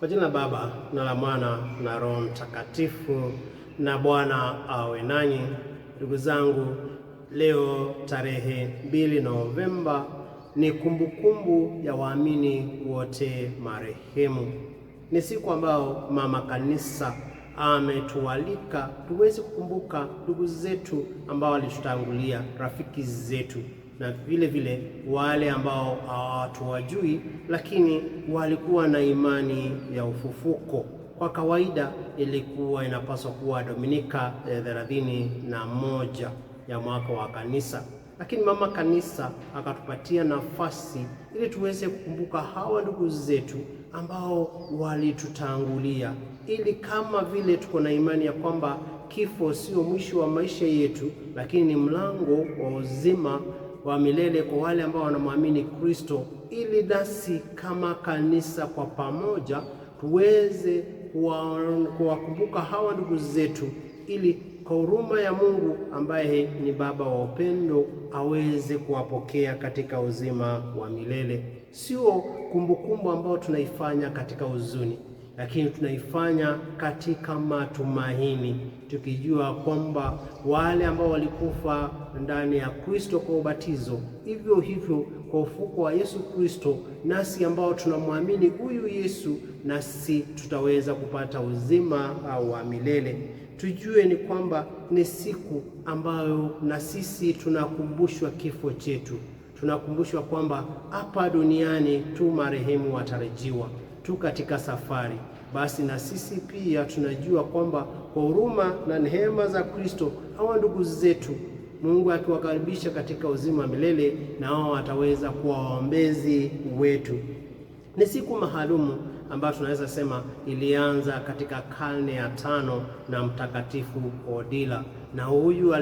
Kwa jina la Baba na la Mwana na Roho Mtakatifu. Na Bwana awe nanyi. Ndugu zangu, leo tarehe 2 Novemba ni kumbukumbu kumbu ya waamini wote marehemu. Ni siku ambayo mama kanisa ametualika tuweze kukumbuka ndugu zetu ambao walitutangulia, rafiki zetu na vile vile wale ambao hawatuwajui lakini walikuwa na imani ya ufufuko. Kwa kawaida ilikuwa inapaswa kuwa Dominika eh, thelathini na moja ya mwaka wa kanisa, lakini mama kanisa akatupatia nafasi ili tuweze kukumbuka hawa ndugu zetu ambao walitutangulia, ili kama vile tuko na imani ya kwamba kifo sio mwisho wa maisha yetu, lakini ni mlango wa uzima wa milele kwa wale ambao wanamwamini Kristo, ili nasi kama kanisa kwa pamoja tuweze kuwakumbuka hawa ndugu zetu, ili kwa huruma ya Mungu ambaye ni Baba wa upendo aweze kuwapokea katika uzima wa milele, sio kumbukumbu ambayo tunaifanya katika huzuni lakini tunaifanya katika matumaini, tukijua kwamba wale ambao walikufa ndani ya Kristo kwa ubatizo, hivyo hivyo kwa ufuko wa Yesu Kristo, nasi ambao tunamwamini huyu Yesu, nasi tutaweza kupata uzima wa milele. Tujue ni kwamba ni siku ambayo na sisi tunakumbushwa kifo chetu, tunakumbushwa kwamba hapa duniani tu marehemu watarajiwa, tu katika safari basi na sisi pia tunajua kwamba kwa huruma na neema za Kristo hawa ndugu zetu Mungu akiwakaribisha katika uzima wa milele, na wao wataweza kuwa waombezi wetu. Ni siku maalumu ambayo tunaweza sema ilianza katika karne ya tano na Mtakatifu Odila, na huyu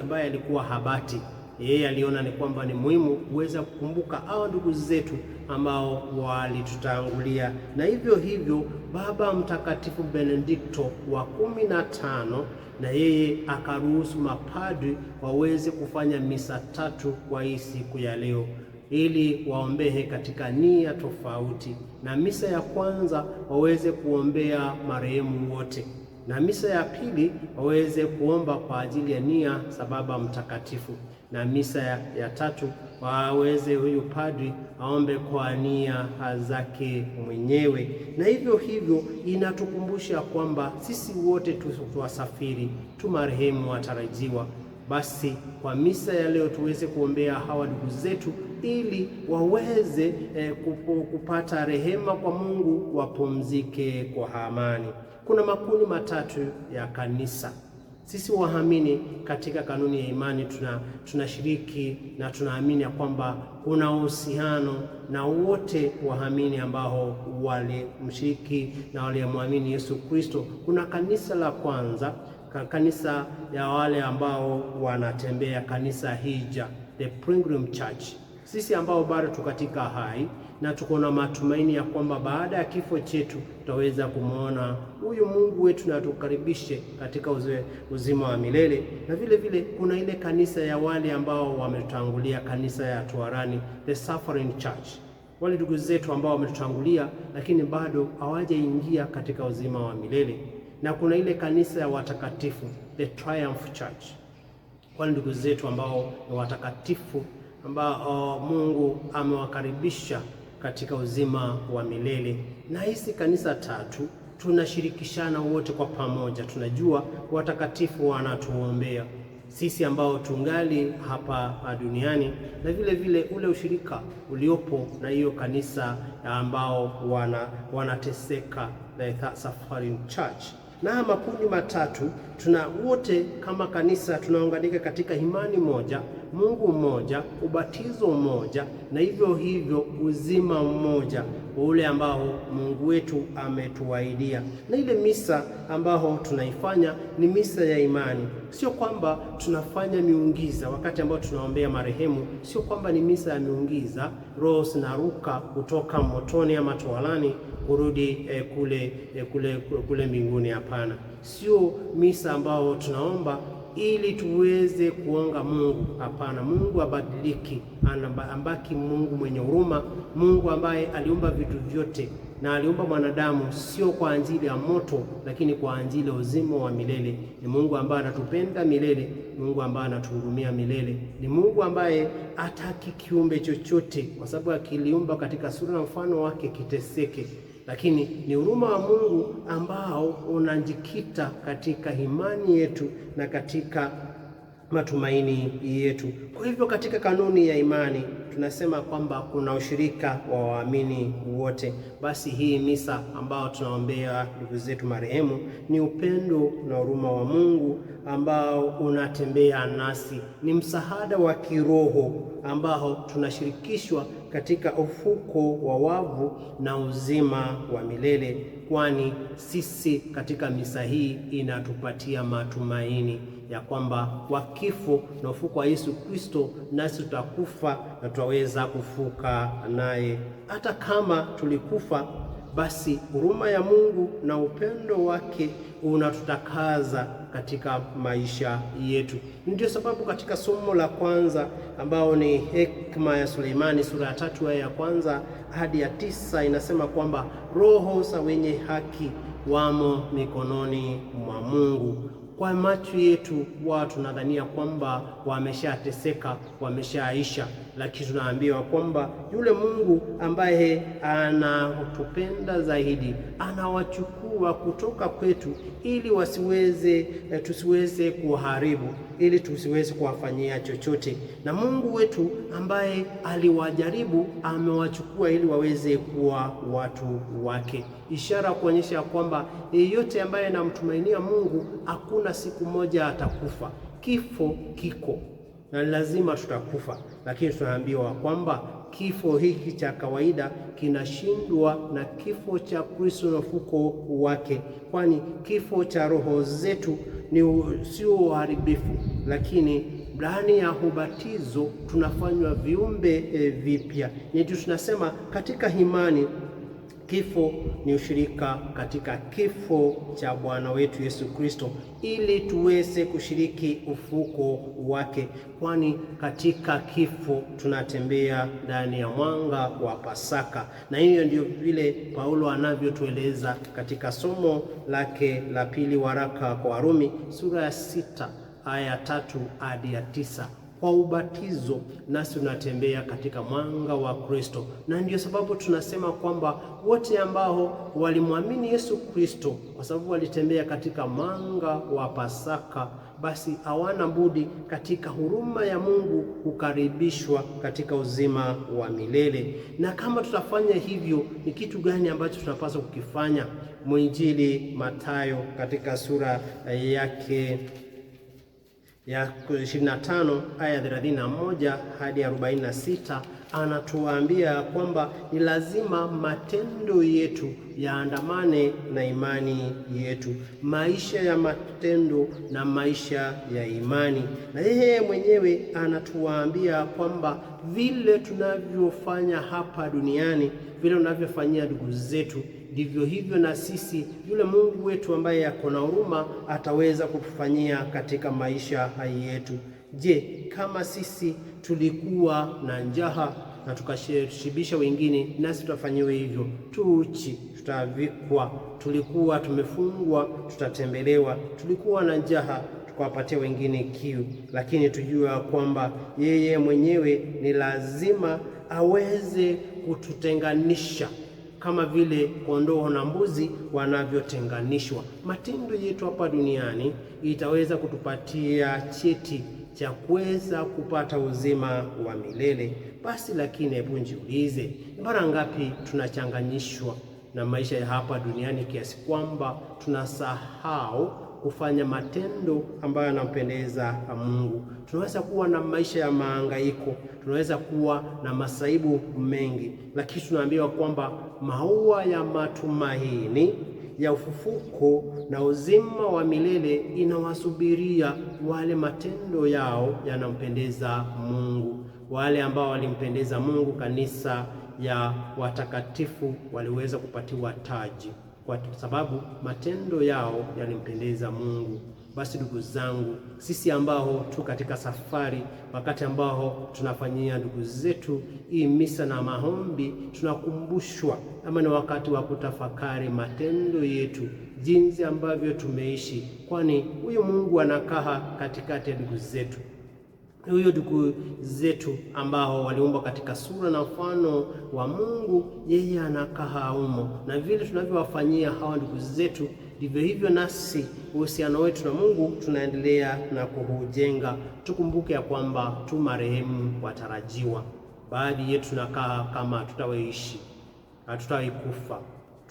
ambaye alikuwa habati yeye aliona ni kwamba ni muhimu kuweza kukumbuka hawa ndugu zetu ambao walitutangulia, na hivyo hivyo Baba Mtakatifu Benedikto wa kumi na tano na yeye akaruhusu mapadri waweze kufanya misa tatu kwa hii siku ya leo ili waombehe katika nia tofauti, na misa ya kwanza waweze kuombea marehemu wote na misa ya pili waweze kuomba kwa ajili ya nia za Baba Mtakatifu na misa ya, ya tatu waweze huyu padri aombe kwa nia zake mwenyewe. Na hivyo hivyo inatukumbusha kwamba sisi wote tuwasafiri tu marehemu watarajiwa. Basi kwa misa ya leo tuweze kuombea hawa ndugu zetu ili waweze eh, kupata rehema kwa Mungu, wapumzike kwa amani. Kuna makundi matatu ya kanisa sisi waamini katika kanuni ya imani tunashiriki tuna na tunaamini ya kwamba kuna uhusiano na wote waamini ambao walimshiriki na waliyemwamini Yesu Kristo. Kuna kanisa la kwanza, kanisa ya wale ambao wanatembea, kanisa hija, the Pilgrim Church. Sisi ambao bado tu katika hai na tuko na matumaini ya kwamba baada ya kifo chetu tutaweza kumwona huyu Mungu wetu na tukaribishe katika uzwe, uzima wa milele. Na vile vile kuna ile kanisa ya wale ambao wametutangulia, kanisa ya Tuarani, the Suffering Church, wale ndugu zetu ambao wametutangulia lakini bado hawajaingia katika uzima wa milele. Na kuna ile kanisa ya watakatifu, the Triumph Church, wale ndugu zetu ambao ni watakatifu ambao oh, Mungu amewakaribisha katika uzima wa milele. Na hizi kanisa tatu tunashirikishana wote kwa pamoja, tunajua watakatifu wanatuombea sisi ambao tungali hapa duniani na vile vile ule ushirika uliopo na hiyo kanisa ambao wana wanateseka the Suffering Church. Na makundi matatu tuna wote kama kanisa tunaunganika katika imani moja Mungu mmoja, ubatizo mmoja, na hivyo hivyo uzima mmoja ule ambao Mungu wetu ametuahidia. Na ile misa ambao tunaifanya ni misa ya imani, sio kwamba tunafanya miungiza wakati ambao tunaombea marehemu, sio kwamba ni misa ya miungiza, roho zinaruka kutoka motoni ama tohalani kurudi e, kule, e, kule, kule mbinguni. Hapana, sio misa ambao tunaomba ili tuweze kuonga Mungu. Hapana, Mungu abadiliki, anabaki Mungu mwenye huruma, Mungu ambaye aliumba vitu vyote na aliumba mwanadamu sio kwa ajili ya moto, lakini kwa ajili ya uzima wa milele. Ni Mungu ambaye anatupenda milele, Mungu ambaye anatuhurumia milele, ni Mungu ambaye hataki kiumbe chochote, kwa sababu akiliumba katika sura na mfano wake kiteseke lakini ni huruma wa Mungu ambao unajikita katika imani yetu na katika matumaini yetu. Kwa hivyo katika kanuni ya imani tunasema kwamba kuna ushirika wa waamini wote. Basi hii misa ambayo tunaombea ndugu zetu marehemu ni upendo na huruma wa Mungu ambao unatembea nasi, ni msaada wa kiroho ambao tunashirikishwa katika ufuko wa wavu na uzima wa milele, kwani sisi katika misa hii inatupatia matumaini ya kwamba kwa kifo na ufuko wa Yesu Kristo nasi tutakufa na tutaweza kufuka naye. Hata kama tulikufa, basi huruma ya Mungu na upendo wake unatutakaza katika maisha yetu. Ndio sababu katika somo la kwanza ambao ni hekima ya Suleimani sura ya tatu aya ya kwanza hadi ya tisa inasema kwamba roho za wenye haki wamo mikononi mwa Mungu kwa macho yetu huwa tunadhania kwamba wameshateseka, wameshaisha, lakini tunaambiwa kwamba yule Mungu ambaye anatupenda zaidi anawachukua kutoka kwetu ili wasiweze eh, tusiweze kuwaharibu, ili tusiweze kuwafanyia chochote. Na Mungu wetu ambaye aliwajaribu amewachukua ili waweze kuwa watu wake ishara kuonyesha kwamba yeyote ambaye anamtumainia Mungu hakuna siku moja atakufa. Kifo kiko na lazima tutakufa, lakini tunaambiwa kwamba kifo hiki cha kawaida kinashindwa na kifo cha Kristo na ufuko wake, kwani kifo cha roho zetu ni sio uharibifu, lakini ndani ya ubatizo tunafanywa viumbe e, vipya. Ndio tunasema katika imani Kifo ni ushirika katika kifo cha Bwana wetu Yesu Kristo, ili tuweze kushiriki ufuko wake, kwani katika kifo tunatembea ndani ya mwanga wa Pasaka, na hiyo ndio vile Paulo anavyotueleza katika somo lake la pili, waraka kwa Warumi sura ya sita aya tatu hadi ya tisa. Kwa ubatizo nasi tunatembea katika mwanga wa Kristo, na ndiyo sababu tunasema kwamba wote ambao walimwamini Yesu Kristo, kwa sababu walitembea katika mwanga wa Pasaka, basi hawana budi katika huruma ya Mungu kukaribishwa katika uzima wa milele. Na kama tutafanya hivyo, ni kitu gani ambacho tunapaswa kukifanya? Mwinjili Mathayo katika sura yake ya 25 aya 31 hadi 46 anatuambia kwamba ni lazima matendo yetu yaandamane na imani yetu, maisha ya matendo na maisha ya imani. Na yeye mwenyewe anatuambia kwamba vile tunavyofanya hapa duniani, vile tunavyofanyia ndugu zetu, ndivyo hivyo na sisi yule Mungu wetu ambaye ako na huruma ataweza kutufanyia katika maisha yetu. Je, kama sisi tulikuwa na njaa na tukashibisha wengine, nasi tutafanyiwa hivyo? Tuchi tutavikwa, tulikuwa tumefungwa, tutatembelewa, tulikuwa na njaa tukawapatia wengine kiu. Lakini tujua kwamba yeye mwenyewe ni lazima aweze kututenganisha kama vile kondoo na mbuzi wanavyotenganishwa. Matendo yetu hapa duniani itaweza kutupatia cheti cha kuweza kupata uzima wa milele. Basi lakini hebu njiulize, mara ngapi tunachanganyishwa na maisha ya hapa duniani kiasi kwamba tunasahau kufanya matendo ambayo yanampendeza Mungu. Tunaweza kuwa na maisha ya mahangaiko, tunaweza kuwa na masaibu mengi, lakini tunaambiwa kwamba maua ya matumaini ya ufufuko na uzima wa milele inawasubiria wale matendo yao yanampendeza Mungu. Wale ambao walimpendeza Mungu, kanisa ya watakatifu waliweza kupatiwa taji kwa sababu matendo yao yalimpendeza Mungu. Basi ndugu zangu, sisi ambao tu katika safari, wakati ambao tunafanyia ndugu zetu hii misa na maombi, tunakumbushwa ama ni wakati wa kutafakari matendo yetu, jinsi ambavyo tumeishi, kwani huyu Mungu anakaa katikati ya ndugu zetu huyo ndugu zetu ambao waliumbwa katika sura na mfano wa Mungu, yeye anakaa humo, na vile tunavyowafanyia hawa ndugu zetu Ndivyo hivyo nasi uhusiano wetu na Mungu tunaendelea na kuhujenga. Tukumbuke ya kwamba tu marehemu watarajiwa, baadhi yetu tunakaa kama hatutaweishi hatutawekufa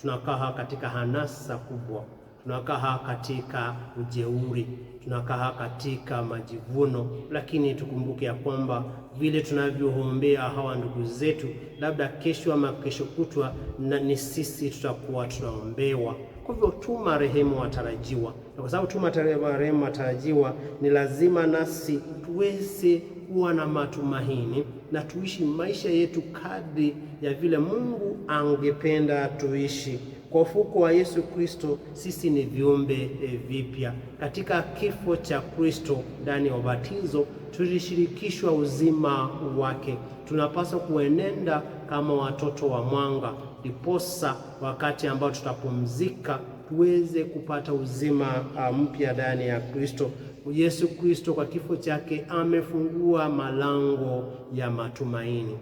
tunakaa katika hanasa kubwa tunakaa katika ujeuri, tunakaa katika majivuno, lakini tukumbuke ya kwamba vile tunavyoombea hawa ndugu zetu, labda kesho ama kesho kutwa, na ni sisi tutakuwa tunaombewa. Kwa hivyo tu marehemu watarajiwa, na kwa sababu tu marehemu watarajiwa, ni lazima nasi tuweze kuwa na matumaini na tuishi maisha yetu kadri ya vile Mungu angependa tuishi. Kwa ufuko wa Yesu Kristo sisi ni viumbe e, vipya. Katika kifo cha Kristo ndani ya ubatizo tulishirikishwa uzima wake. Tunapaswa kuenenda kama watoto wa mwanga, ndiposa wakati ambao tutapumzika tuweze kupata uzima mpya ndani ya Kristo. Yesu Kristo kwa kifo chake amefungua malango ya matumaini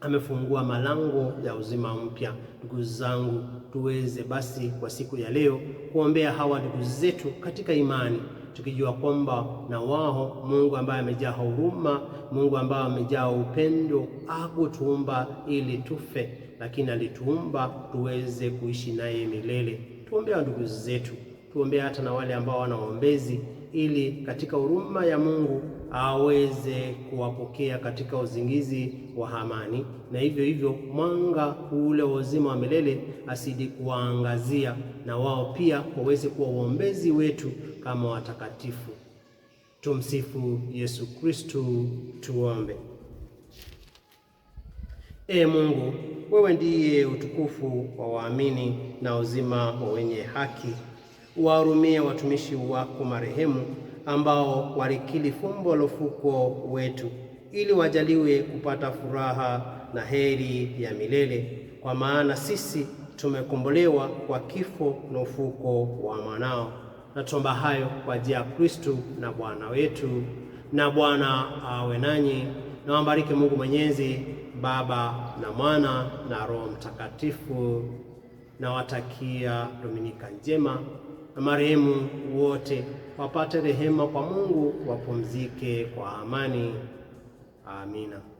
amefungua malango ya uzima mpya. Ndugu zangu, tuweze basi kwa siku ya leo kuombea hawa ndugu zetu katika imani, tukijua kwamba na wao Mungu ambaye amejaa huruma, Mungu ambaye amejaa upendo, akutuumba ili tufe, lakini alituumba tuweze kuishi naye milele. Tuombea ndugu zetu kuombea hata na wale ambao wana waombezi ili katika huruma ya Mungu aweze kuwapokea katika uzingizi wa amani, na hivyo hivyo mwanga ule wa uzima wa milele asidi kuwaangazia na wao pia waweze kuwa waombezi wetu kama watakatifu. Tumsifu Yesu Kristo. Tuombe. Ee Mungu, wewe ndiye utukufu wa waamini na uzima wa wenye haki uwahurumie watumishi wako marehemu ambao walikili fumbo la ufuko wetu, ili wajaliwe kupata furaha na heri ya milele, kwa maana sisi tumekombolewa kwa kifo na ufuko wa mwanao. Na hayo kwa njia ya Kristu na Bwana wetu. Na Bwana awe nanyi na Mungu Mwenyezi, Baba na Mwana na Roho Mtakatifu. Nawatakia Dominika njema na marehemu wote wapate rehema kwa Mungu, wapumzike kwa amani. Amina.